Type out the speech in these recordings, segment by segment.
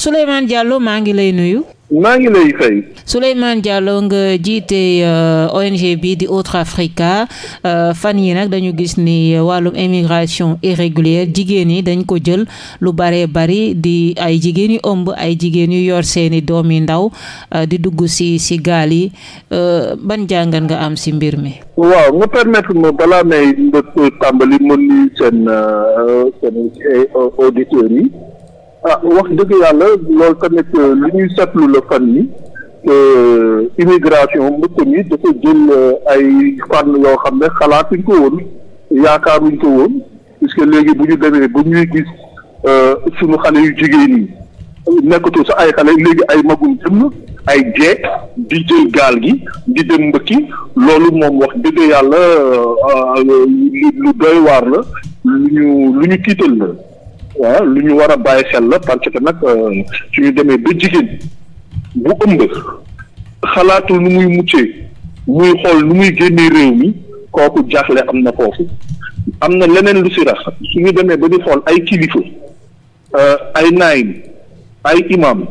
Souleymane Diallo maa ngi lay nuyu. maa ngi lay fay. Souleymane Diallo nga jiite euh, ONG bi di Otra-Africa euh, fan yi nag dañu gis ni wàllum immigration irrégulière jigéen yi dañ ko jël lu baree bari di ay jigéen yu ëmb ay jigéen yu yor seeni doom yu ndaw euh, di dugg si si gaal yi ban jàngat nga am si mbir mi. waaw nga permettre ma balaa may tàmbali mën nuyu seen seen yi. ah wax dëgg yàlla loolu tamit euh, lu ñuy seetlu la fan yi euh, immigration mbëkk mi dafa jël euh, ay fànn yoo xam ne xalaat xalaatuñ ko woon yaakaaruñ ko woon puisque léegi bu ñu demee ba ñuy gis suñu xale yu jigéen yi nekkatu sa ay xale léegi ay magum jëm ay jeeg di jël gaal gi di dem mbëkki loolu moom wax dëgg yàlla lu doy waar la lu ñu lu ñu tiital la waaw lu ñu war a bàyyi xel la parce que nag euh, suñu demee ba jigéen bu ëmb xalaatul lu muy muccee muy xool lu muy génnee réew mi kooku jaaxle am na foofu am na leneen lu si rax ñu demee ba di xool ay kilifa euh, ay naayim ay imam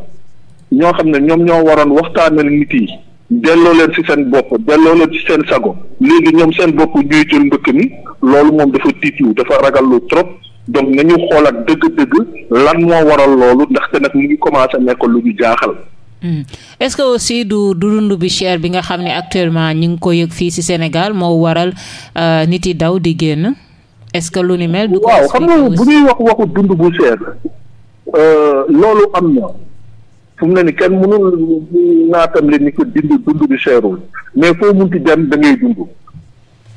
ñoo xam ne ñoom ñoo waroon waxtaanal nit yi delloo leen ci seen bopp delloo leen ci seen sago léegi ñoom seen bopp ñuy jël mbëkk mi loolu moom dafa tiitlu dafa ragal lu trop donc nañu xoolaat dëgg-dëgg lan moo waral loolu ndaxte nag mu ngi commencé nekk lu ñu jaaxal. Mmh. est-ce que aussi du du dund bi cher bi nga xam ne actuellement ñu ngi ko yëg fii ci Sénégal moo waral euh, nit yi daw di génn est-ce que lu ni mel. du ko waaw xam nga bu ñuy wax waxu dund bu cher euh, loolu am na fu ni kenn mënul naatam leen ni ko dindi dund bi cherul mais foo munti da ngay dund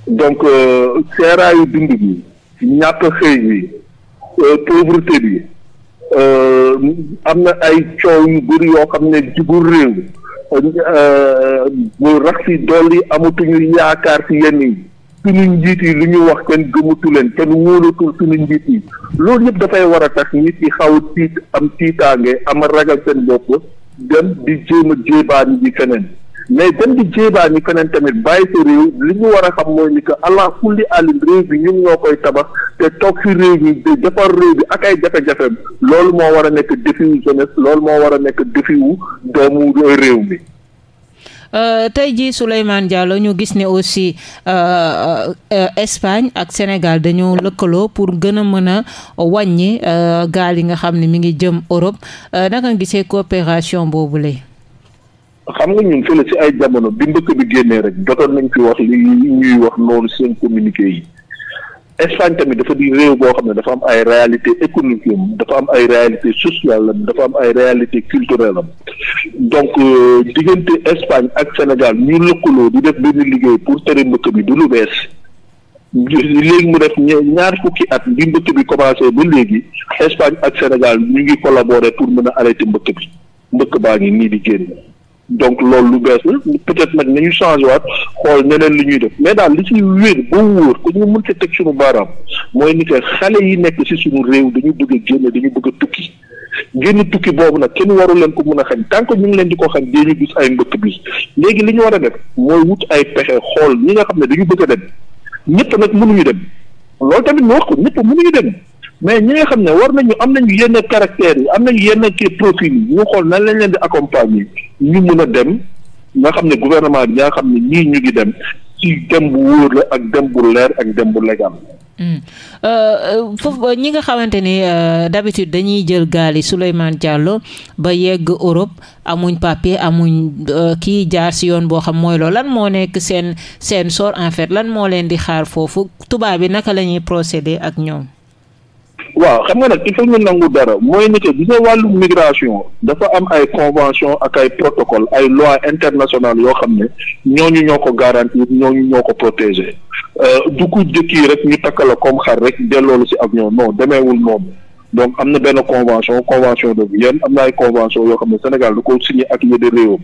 donc euh, seeraayu ñàkk xëy bi. Euh, pauvreté bi euh, am na ay coow yu bëri yoo xam ne jibul réew mu euh, rax si dolli amatuñu yaakaar si yenn yi suñu njiit yi lu ñu wax kenn gëmatu leen kenn wóolatul suñu njiit yi loolu yëpp dafay war a tax nit yi xaw tiit am tiitaange am ragal seen bopp dem di jéem a jéebaan ji feneen mais dem di jéebaani feneen tamit bàyyi sa réew li ñu war a xam mooy ni que allah kulli alim réew bi ñu ñoo koy tabax te toog fi réew bi di defar réew bi ak ay jafe-jafeem loolu moo war a nekk défi wu jeunesse loolu moo war a nekk défi wu doomu réew mi. Euh, tey jii Souleymane Diallo ñu gis ne aussi euh, euh, Espagne ak Sénégal dañoo lëkkaloo pour gën a mën a wàññi gaal yi nga xam ni mi ngi jëm Europe naka nga gisee coopération boobu boobule. xam nga ñun fële si ay jamono bi mbëkk bi génnee rek jotoon nañ fi wax li ñuy wax noonu seen communiqué yi Espagne tamit dafa di réew boo xam ne dafa am ay réalité économique am dafa am ay réalité sociale am dafa am ay réalité culturelle am donc euh, diggante Espagne ak Sénégal ñu lëkkaloo di def benn liggéey pour tere mbëkk bi du lu bees léegi mu def ñaar fukki at bi mbëkk bi commencé ba léegi Espagne ak Sénégal ñu ngi collaborer pour mën a arrêter mbëkk mbëkk baa ngi nii di donc loolu lu bees la peut-être nag nañu changé waat xool neneen li ñuy def mais daal li ci wér ba wóor ku ñu mun te teg suñu baaraam mooy ni que xale yi nekk ci suñu réew dañu bëgg a génn dañu bëgg a tukki génn tukki boobu nag kenn waru leen ko mën a xam tant que ñu ngi leen di ko xañ dee ñu gis ay mbëkk bi léegi li ñu war a def mooy wut ay pexe xool ñi nga xam ne dañu bëgg a dem ñëpp nag mënuñu dem loolu tamit ñu wax ko ñëpp mënuñu dem mais ñi nga xam ne war nañu am nañu yenn caractères am nañu yenn kii profil yi ñu xool nan lañ leen di accompagner ñu mën a dem nga xam ne gouvernement bi nga xam ne ñii ñu ngi dem ci dem bu wóor ak dem bu leer ak dem bu légal. Hmm. Euh, euh, foofu euh, ñi nga xamante ni d'habitude dañuy jël gaali yi Souleymane Diallo ba yegg Europe amuñ papier amuñ kii jaar si yoon boo xam mooy loolu lan moo nekk seen seen sort en fait lan moo leen di xaar foofu tubaab yi naka la ñuy procéder ak ñoom. waaw xam nga nag ki faut ñu nangu dara mooy ni que gis nga wàllu migration dafa am ay convention ak ay protocole ay loi internationale yoo xam ne ñooñu ñoo ko garantir ñooñu ñoo ko protéger euh, du ko jëkki rek ñu takk la comme xar rek delloolu si avion non demeewul noonu donc am na benn convention convention de Vienne am na ay convention yoo xam ne Sénégal du ko signé ak yeneen réewam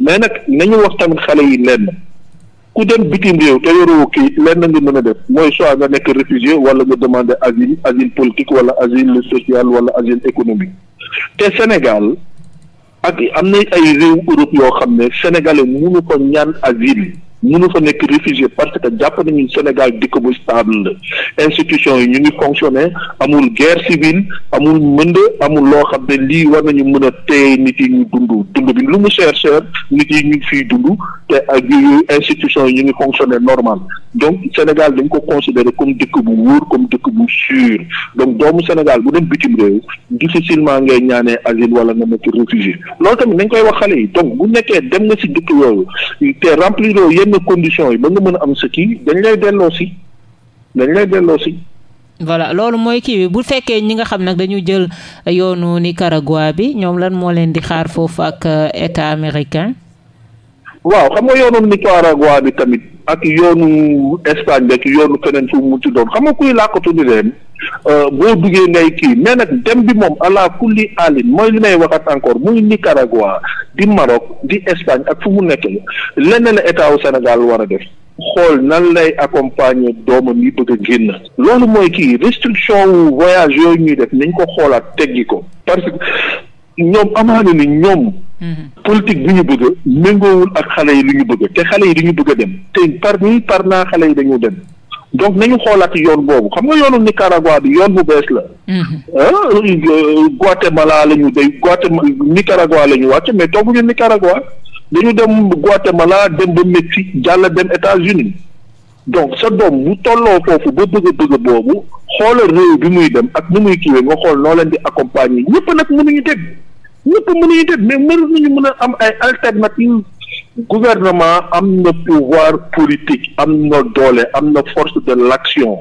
mais nag nañu wax tamit xale yi leen ku dem bitim réew te yoroo kii lenn nga mën a def mooy soit nga nekk réfugié wala nga demander asile asile politique wala asile social wala asile économique te Sénégal ak am na ay réew Europe yoo xam ne sénégalais mënu ko ñaan asile mënu fa nekk réfugié parce que jàpp nañu Sénégal dikk bu stable institution yi ñu ngi fonctionner amul guerre civile amul mën de amul loo xam ne lii war nañu mën a téye nit yi ñu dund dund bi lu mu cher cher nit yi ñu ngi fiy dund te ak yooyu institution yi ñu ngi fonctionner normal donc Sénégal dañ ko considérer comme dëkk bu wóor comme dëkk bu sûr donc doomu Sénégal bu dem bitim réew difficilement ngay ñaanee asile wala nga nekk réfugié loolu tamit nañ koy wax xale yi donc dem nga si dëkk yooyu te remplir na conditions yi ba nga mën am sa kii dañ lay delloo si dañ lay delloo si. voilà loolu mooy kii bu fekkee ñi nga xam nag dañu jël yoonu Nicaragua bi ñoom lan moo leen di xaar foofu ak euh, état américain. waaw xam nga yoonu Nicaragua bi tamit ak yoonu Espagne bi ak yoonu feneen fu mu ci doon xam nga kuy làkkatu di leen. Euh, boo duggee ngay kii mais nag dem bi moom ala kulli alin mooy li may waxat encore muy Nicaragua di Maroc di Espagne ak fu mu nekk lenn la état wu senegal war a def xool nan lay accompagne doomam yi bëgg a génn loolu mooy kii restriction wu voyage yooyu ñuy def nañ ko xoolaat teggi ko parce que ñoom amaana ni ñoom mhm. politique bi ñu bëgg méngoowul ak xale yi li ñu bëgg te xale yi dañu bëgg a dem te par nii par naa xale yi dañu dem donc nañu xoolaat yoon boobu xam nga yoonu Nicaragua bi yoon bu bees la. Mm-hmm. Ah, euh, Guatemala la ñu day Guatemala Nicaragua la ñu wàcc mais tooguñu Nicaragua dañu dem Guatemala dem ba Mexique jàll dem États-Unis donc sa doom bu tolloo foofu ba bëgg bëgg boobu xoolal réew bi muy dem ak ni muy kiiwee nga xool noo leen di accompagner ñëpp nag mënuñu dem ñëpp mënuñu dem mais mënuñu mën a am ay alternative gouvernement am na pouvoir politique am na doole am na force de l'action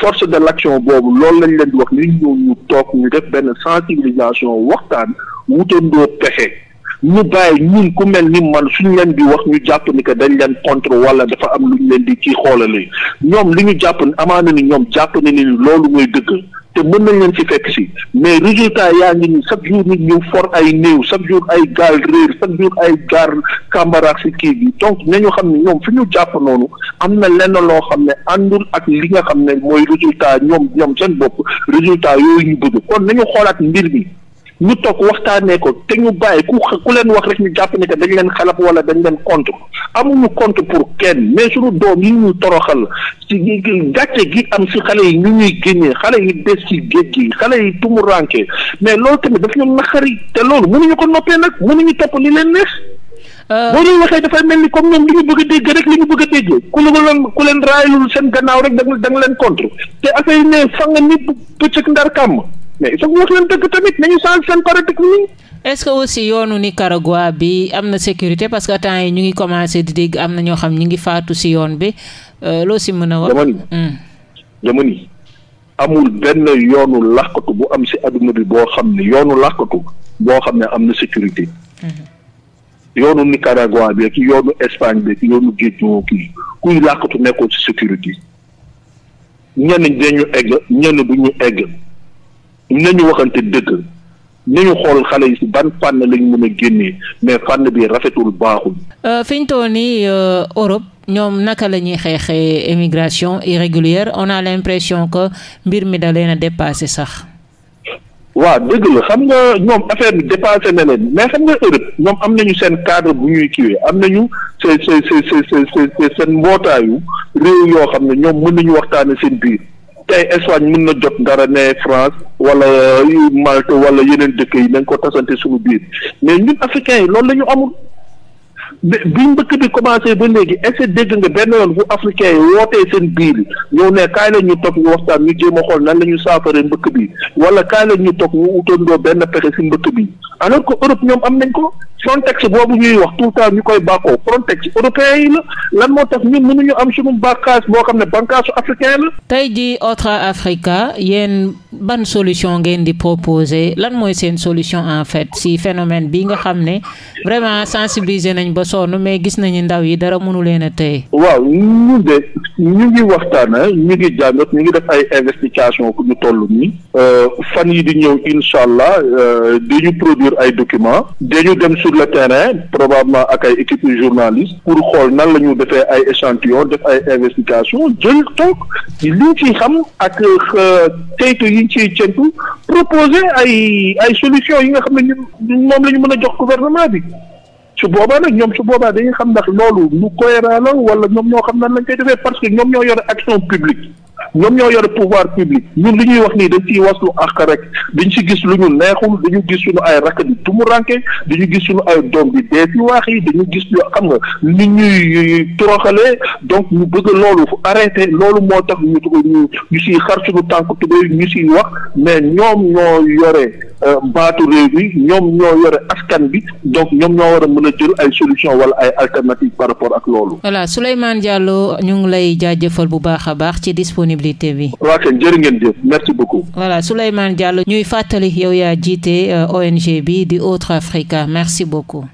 force de l'action boobu loolu lañ leen di wax ni ñu ñu toog ñu def benn sensibilisation waxtaan wutandoo pexe ñu bàyyi ñun ku mel ni man suñ leen di wax ñu jàpp ni que dañ leen contre wala dafa am lu ñu leen di ci xoolale ñoom li ñu jàpp ne amaana ni ñoom jàpp ne ni loolu mooy dëgg mën nañ leen si fekk si mais résultat yaa ngi ni chaque jour nit ñu foor ay néew chaque jour ay gaal réer chaque jour ay gaar kàmbaraak si kii bi donc nañu xam ne ñoom fi ñu jàpp noonu am na lenn loo xam ne àndul ak li nga xam ne mooy résultat ñoom ñoom seen bopp résultat yooyu ñu bëgg kon nañu xoolaat mbir mi ñu toog waxtaanee ko te ñu bàyyi ku ku leen wax rek ñu jàpp ne que dañ leen xalab wala dañ leen contre amuñu contre pour kenn mais suñu doom yi ñuy toroxal ci gàcce gi am si xale yi ñu ñuy génnee xale yi des ci géej gi xale yi tumuranke mais loolu tamit daf ñu naxari te loolu mënuñu ko noppee nag mënuñu topp li leen neex. Euh. boo ñuy waxee dafay mel ni comme ñoom li ñu bëgg a dégg rek li ñu bëgg a dégg ku leen ku leen raayalul seen gannaaw rek da nga leen contre te affaire yi ne fa nga nit bëccëg mais il faut wax leen dëgg tamit nañu change seen paradigme yi. est-ce que aussi yoonu Nicaragua bi am na sécurité parce que temps yi ñu ngi commencé di dégg am na ñoo xam ñu ngi faatu si yoon bi euh, loo si mën a wax. dama hmm. ni amul benn yoonu làkkatu bu am si adduna bi boo xam ne yoonu làkkatu boo xam ne am na sécurité. Hmm. yoonu Nicaragua bi ak yoonu Espagne bi ak yoonu géej gi kuy làkkatu nekkoo si sécurité ñenn dañu egg ñenn du ñu egg. nañu waxante dëgg nañu xool xale yi si ban fànn lañ mën a génnee mais fànn bi rafetul baaxul. Euh, fi ñu toll nii euh, Europe ñoom naka la ñuy xeexee immigration irrégulière on a l'impression que mbir mi da leen a sax. waaw dëgg la xam nga ñoom affaire bi dépassé na leen mais xam nga Europe ñoom am nañu seen cadre bu ñuy kiiwee am nañu seen seen mbootaayu seen seen réew yoo xam ne ñoom mën nañu waxtaane seen biir. tey Espagne mën na jot dara ne France wala Malte wala yeneen dëkk yi nañ ko tasante suñu biir mais ñun africains yi loolu la amul. bi mbëkk bi commencé ba léegi est-ce dégg nga benn yoon bu africain yi wootee seen biir ñëw ne kaay la ñu toog ñu waxtaan ñu jéem a xool nan la ñu saafara mbëkk bi wala kaay la ñu toog ñu utandoo benn pexe si mbëkk bi alors que Europe ñoom am nañ ko Frontex boobu ñuy wax tout temps ñu koy bàkkoo Frontex européen yi la lan moo tax ñu mënuñu am suñu bànqaas boo xam ne bànqaasu africain la. tey jii Otra-Africa yéen ban solution ngeen di proposer lan mooy seen solution en fait si phénomène bi nga xam ne vraiment sensibiliser nañ sonn mais gis nañu ndaw yi dara mënu leen a téye. waaw ñun de ñu ngi waxtaan ñu ngi jàngat ñu ngi def ay investigation ku ñu toll nii euh, fan yi di ñëw incha allah euh, di ñu produire ay documents dañu dem sur le terrain probablement ak ay équipe journaliste pour xool nan la ñu defee ay échantillon def ay investigation jël toog li ci xam ak euh, teytu yi ci ciy proposer ay ay solution yi nga xam ne ñun moom la ñu mën a jox gouvernement bi. su boobaa nag ñoom su boobaa dañuy xam ndax loolu lu cohérent la wala ñoom ñoo xam nan lañ koy defee parce que ñoom ñoo yore action publique ñoom ñoo yore pouvoir public ñun li ñuy wax nii dañ ciy waslu àq rek dañ ci gis lu ñu neexul dañu gis suñu ay rakk di tumuranke dañu gis suñu ay doom bi dee ci waax yi dañu gis ñu xam nga nit ñuy toroxalee donc ñu bëgg loolu fu arrêté loolu moo tax ñu ñu ñu siy xar suñu tànk tubéy ñu siy wax mais ñoom ñoo yore Euh, baatu réew bi ñoom ñoo yore askan bi donc ñoom ñoo war mën a jël ay solution wala ay alternative par rapport ak loolu. voilà Souleymane Diallo ñu ngi lay jaajëfal bu baax a baax ci disponibilité bi. waaw kay jërë ngeen jëf merci beaucoup. voilà Souleymane Diallo ñuy fàttalik yow yaa jiite euh, ONG bi di Otra-Africa merci beaucoup.